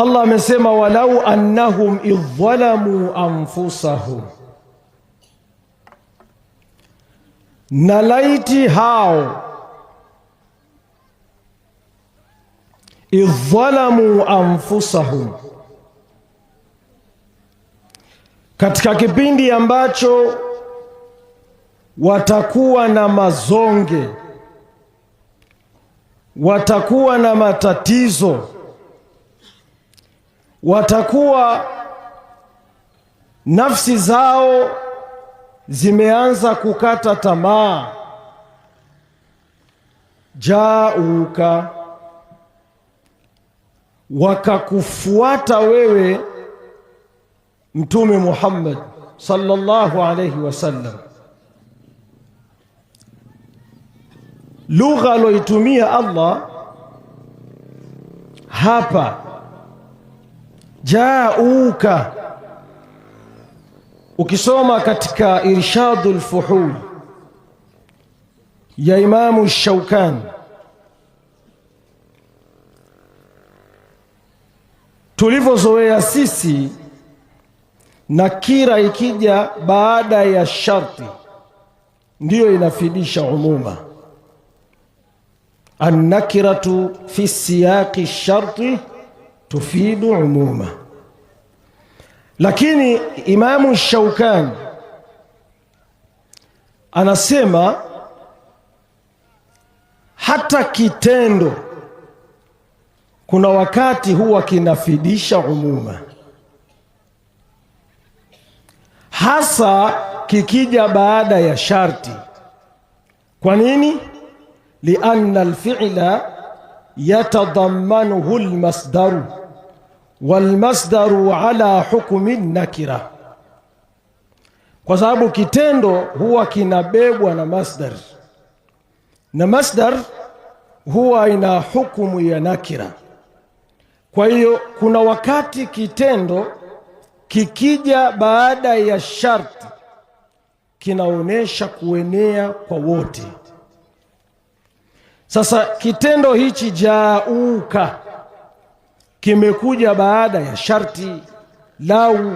Allah amesema walau annahum idhalamu anfusahum, na laiti hao idhalamu anfusahum, katika kipindi ambacho watakuwa na mazonge, watakuwa na matatizo watakuwa nafsi zao zimeanza kukata tamaa. Jauka, wakakufuata wewe Mtume Muhammad sallallahu alayhi wasallam. Lugha aloitumia Allah hapa jauka. Ukisoma katika Irshadul Fuhul ya Imamu shaukan tulivyozoea sisi nakira ikija baada ya sharti ndiyo inafidisha umuma. Annakiratu fi siyaqi sharti tufidu umuma. Lakini Imamu Shaukani anasema hata kitendo kuna wakati huwa kinafidisha umuma, hasa kikija baada ya sharti. Kwa nini? lianna alfi'la yatadhammanuhu almasdaru walmasdaru ala hukmi nakira, kwa sababu kitendo huwa kinabebwa na masdar na masdar huwa ina hukumu ya nakira. Kwa hiyo kuna wakati kitendo kikija baada ya sharti kinaonyesha kuenea kwa wote. Sasa kitendo hichi jauka kimekuja baada ya sharti lau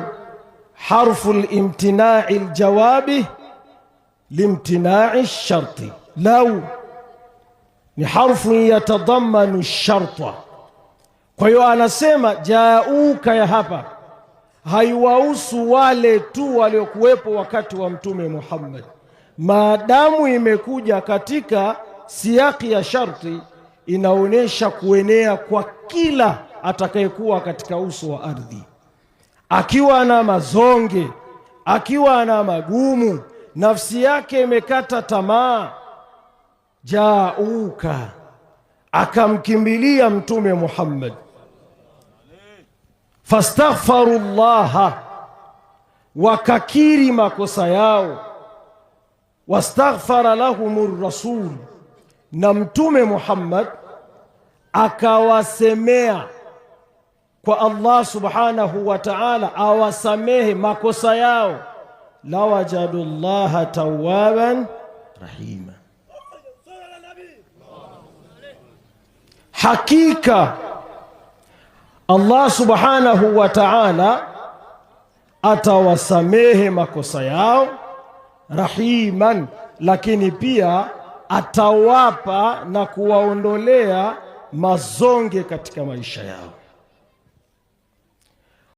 harfu limtinai ljawabi limtinai sharti, lau ni harfu yatadhamanu sharta. Kwa hiyo anasema jauka ya hapa haiwahusu wale tu waliokuwepo wakati wa Mtume Muhammad, maadamu imekuja katika siyaki ya sharti inaonyesha kuenea kwa kila atakayekuwa katika uso wa ardhi, akiwa ana mazonge, akiwa ana magumu, nafsi yake imekata tamaa, jauka, akamkimbilia Mtume Muhammad fastaghfaru llaha, wakakiri makosa yao, wastaghfara lahum rasul na Mtume Muhammad akawasemea kwa Allah subhanahu wa ta'ala awasamehe makosa yao, la lawajadu llaha tawaban rahima, hakika Allah subhanahu wa ta'ala atawasamehe makosa yao rahiman, lakini pia atawapa na kuwaondolea mazonge katika maisha yao.